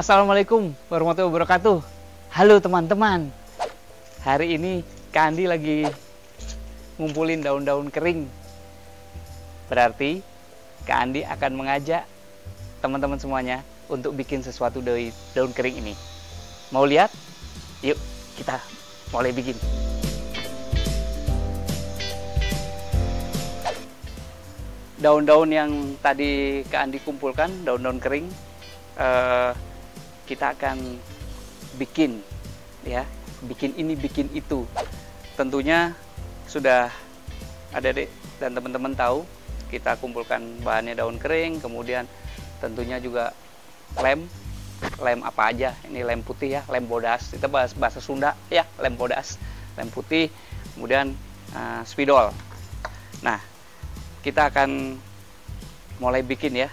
Assalamualaikum warahmatullahi wabarakatuh. Halo teman-teman. Hari ini Kandi lagi ngumpulin daun-daun kering. Berarti Kandi akan mengajak teman-teman semuanya untuk bikin sesuatu dari daun kering ini. Mau lihat? Yuk, kita mulai bikin Daun-daun yang tadi Kak Andi kumpulkan, daun-daun kering, eh, kita akan bikin, ya, bikin ini, bikin itu. Tentunya sudah ada dek dan teman-teman tahu kita kumpulkan bahannya daun kering, kemudian tentunya juga lem lem apa aja ini lem putih ya lem bodas itu bahasa, bahasa Sunda ya lem bodas lem putih kemudian uh, spidol nah kita akan mulai bikin ya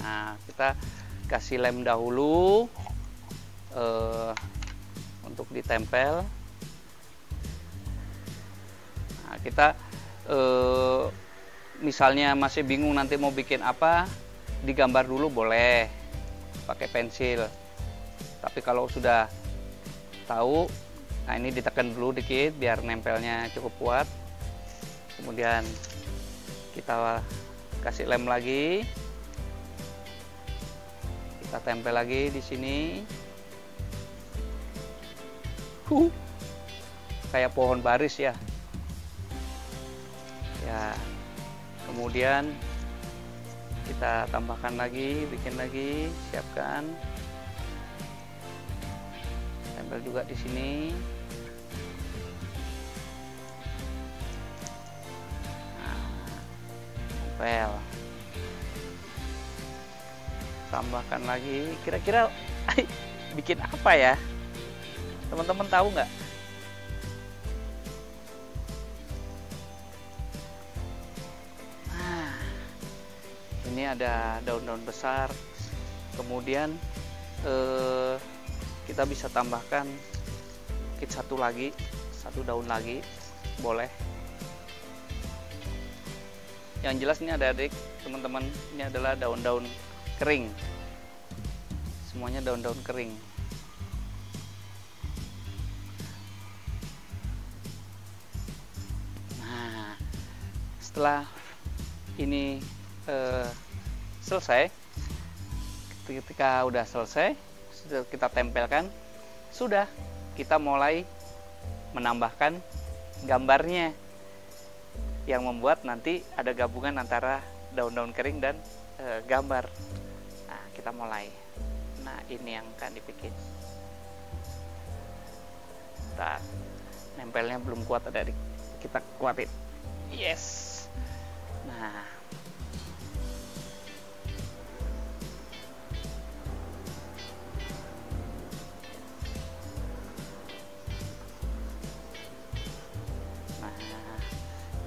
nah kita kasih lem dahulu uh, untuk ditempel nah kita uh, misalnya masih bingung nanti mau bikin apa digambar dulu boleh pakai pensil tapi kalau sudah tahu nah ini ditekan dulu dikit biar nempelnya cukup kuat kemudian kita kasih lem lagi kita tempel lagi di sini huh. kayak pohon baris ya ya kemudian kita tambahkan lagi bikin lagi siapkan tempel juga di sini nah, tempel tambahkan lagi kira-kira bikin apa ya teman-teman tahu nggak ada daun-daun besar kemudian eh, kita bisa tambahkan kit satu lagi satu daun lagi boleh yang jelas ini ada adik teman-teman ini adalah daun-daun kering semuanya daun-daun kering nah setelah ini eh, selesai ketika udah selesai sudah kita tempelkan sudah kita mulai menambahkan gambarnya yang membuat nanti ada gabungan antara daun-daun kering dan e, gambar nah kita mulai nah ini yang akan dipikir tak nempelnya belum kuat ada di kita kuatin yes nah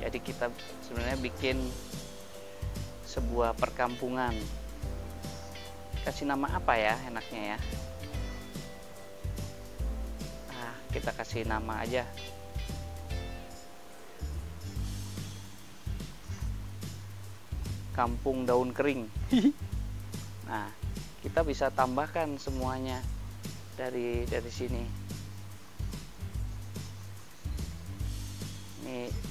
jadi kita sebenarnya bikin sebuah perkampungan kasih nama apa ya enaknya ya nah kita kasih nama aja kampung daun kering nah kita bisa tambahkan semuanya dari dari sini ini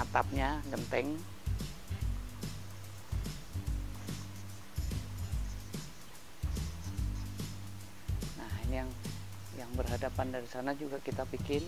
atapnya genteng nah ini yang yang berhadapan dari sana juga kita bikin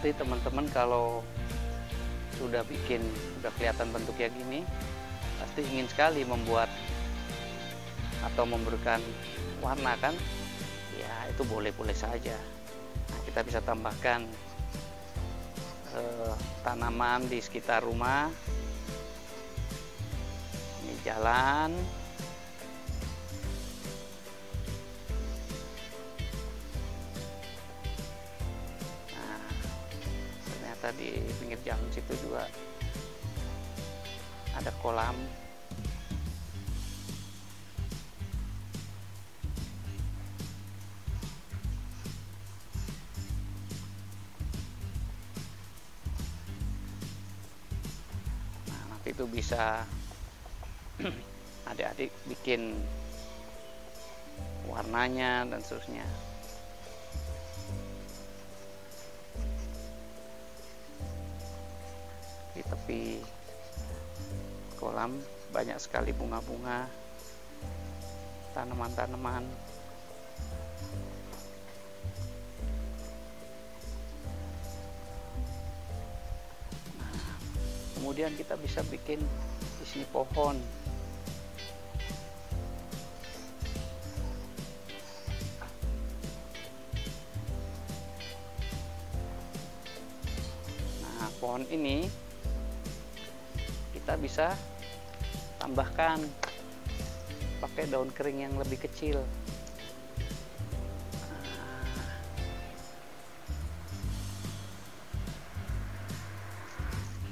pasti teman-teman kalau sudah bikin sudah kelihatan bentuknya gini pasti ingin sekali membuat atau memberikan warna kan ya itu boleh-boleh saja nah, kita bisa tambahkan eh, tanaman di sekitar rumah ini jalan ternyata di pinggir jalan situ juga ada kolam nah nanti itu bisa adik-adik bikin warnanya dan seterusnya di kolam banyak sekali bunga-bunga tanaman-tanaman nah, kemudian kita bisa bikin di sini pohon nah pohon ini kita bisa tambahkan pakai daun kering yang lebih kecil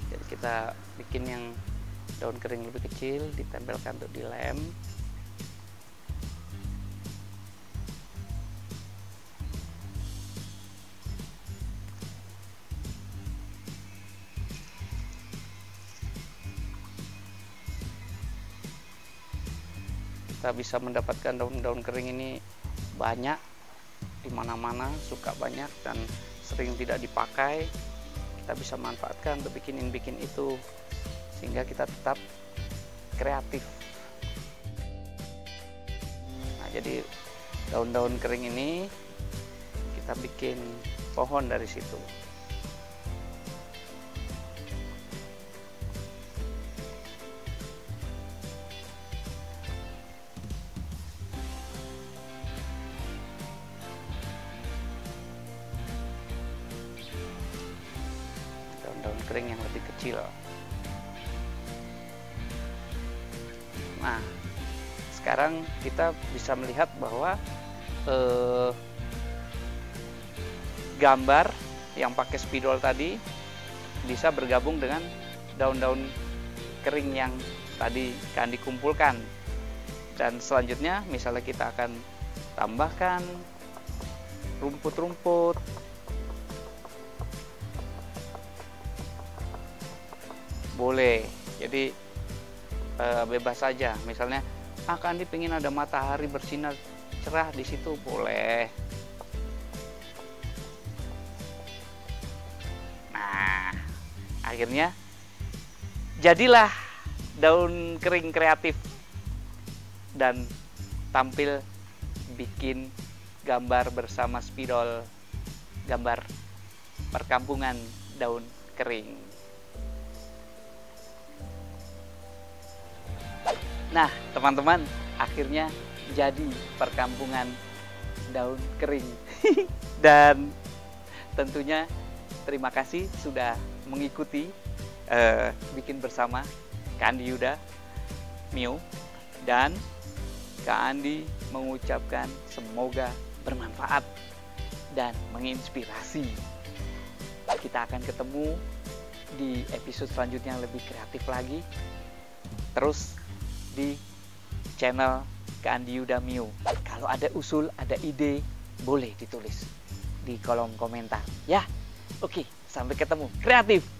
jadi kita bikin yang daun kering lebih kecil ditempelkan untuk dilem kita bisa mendapatkan daun-daun kering ini banyak di mana-mana suka banyak dan sering tidak dipakai kita bisa manfaatkan untuk bikinin-bikin itu sehingga kita tetap kreatif nah jadi daun-daun kering ini kita bikin pohon dari situ daun kering yang lebih kecil nah sekarang kita bisa melihat bahwa eh, gambar yang pakai spidol tadi bisa bergabung dengan daun-daun kering yang tadi akan dikumpulkan dan selanjutnya misalnya kita akan tambahkan rumput-rumput boleh jadi e, bebas saja misalnya ah dipingin pengen ada matahari bersinar cerah di situ boleh nah akhirnya jadilah daun kering kreatif dan tampil bikin gambar bersama spidol gambar perkampungan daun kering Nah, teman-teman, akhirnya jadi perkampungan daun kering. Dan tentunya terima kasih sudah mengikuti uh, bikin bersama Kandi Yuda, Mio, dan Kak Andi mengucapkan semoga bermanfaat dan menginspirasi. Kita akan ketemu di episode selanjutnya yang lebih kreatif lagi. Terus di channel Kandi Yuda Mio. Kalau ada usul, ada ide, boleh ditulis di kolom komentar. Ya, oke, sampai ketemu. Kreatif!